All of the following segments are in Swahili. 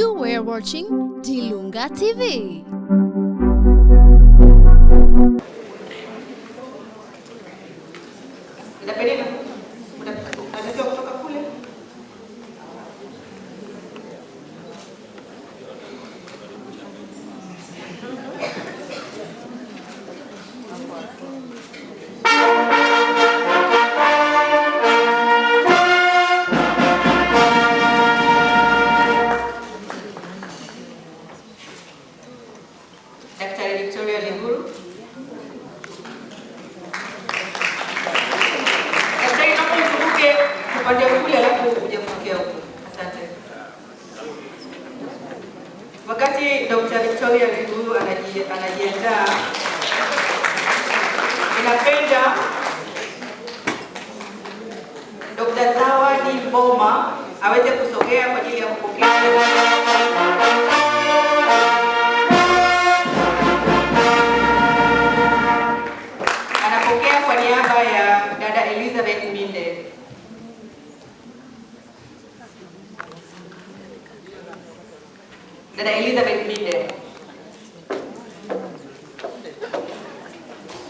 You were watching Dilunga TV. serikali huru. Daktari, naomba uzunguke upande kule, alafu uje kupokea huko. Asante. Wakati Dr. Victoria Liguru anajiandaa, inapenda Dr. Zawadi Mboma aweze kusogea kwa ajili ya kupokea Dada Elizabeth Bide,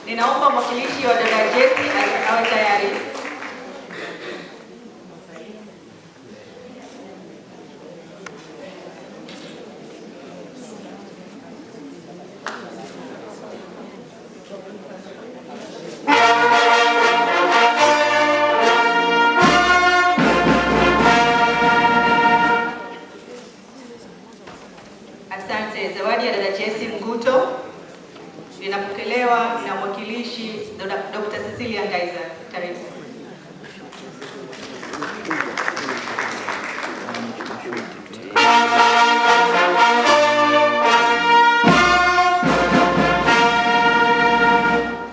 ninaomba mwakilishi wa dada Jesi awe tayari. zawadi ya dada Jesse Nguto inapokelewa na mwakilishi Dr. Cecilia Ngaiza. Karibu.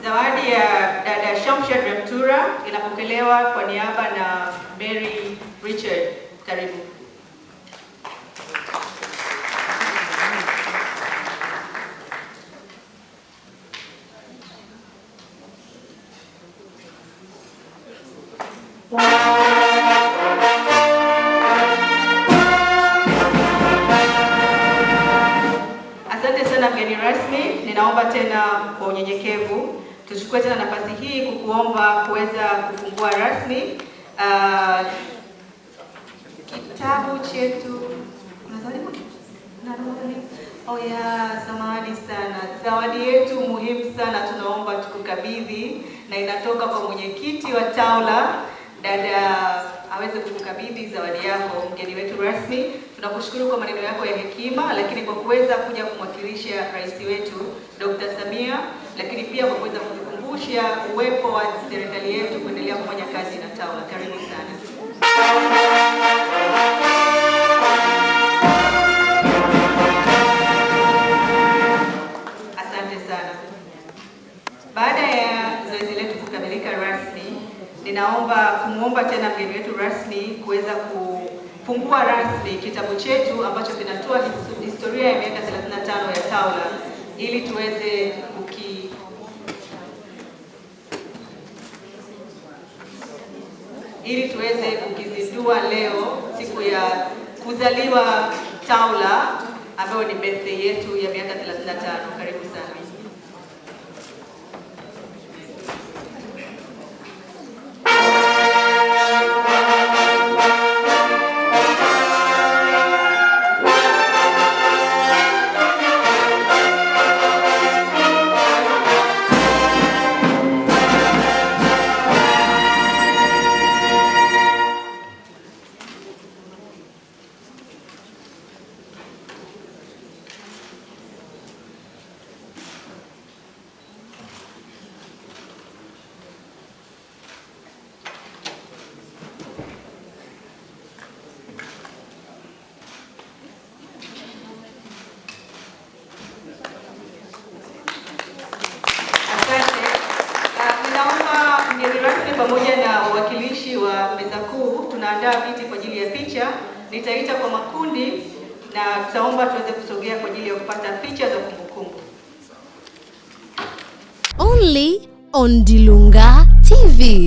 Zawadi ya dada Shamsha Dremtura inapokelewa kwa niaba na Mary Richard. Karibu. ninaomba tena kwa unyenyekevu tuchukue tena nafasi hii kukuomba kuweza kufungua rasmi uh, kitabu chetu oh ya samahani sana, zawadi yetu muhimu sana tunaomba tukukabidhi, na inatoka kwa mwenyekiti wa Taula, dada aweze kukukabidhi zawadi yako, mgeni wetu rasmi. Tunakushukuru kwa maneno yako ya hekima, lakini kwa kuweza kuja kumwakilisha rais wetu Dr. Samia, lakini pia kwa kuweza kutukumbusha uwepo wa serikali yetu kuendelea kufanya kazi na TAWLA. Karibu sana. asante sana baada ya zoezi letu kukamilika ninaomba kumwomba tena mgeni wetu rasmi kuweza ku kufungua rasmi kitabu chetu ambacho kinatoa historia ya miaka 35 ya Taula ili tuweze kuki ili tuweze kukizindua leo siku ya kuzaliwa Taula ambayo ni birthday yetu ya miaka 35. Karibu sana. pamoja na wawakilishi wa meza kuu tunaandaa viti kwa ajili ya picha. Nitaita kwa makundi na tutaomba tuweze kusogea kwa ajili ya kupata picha za kumbukumbu. Only on Dilunga TV.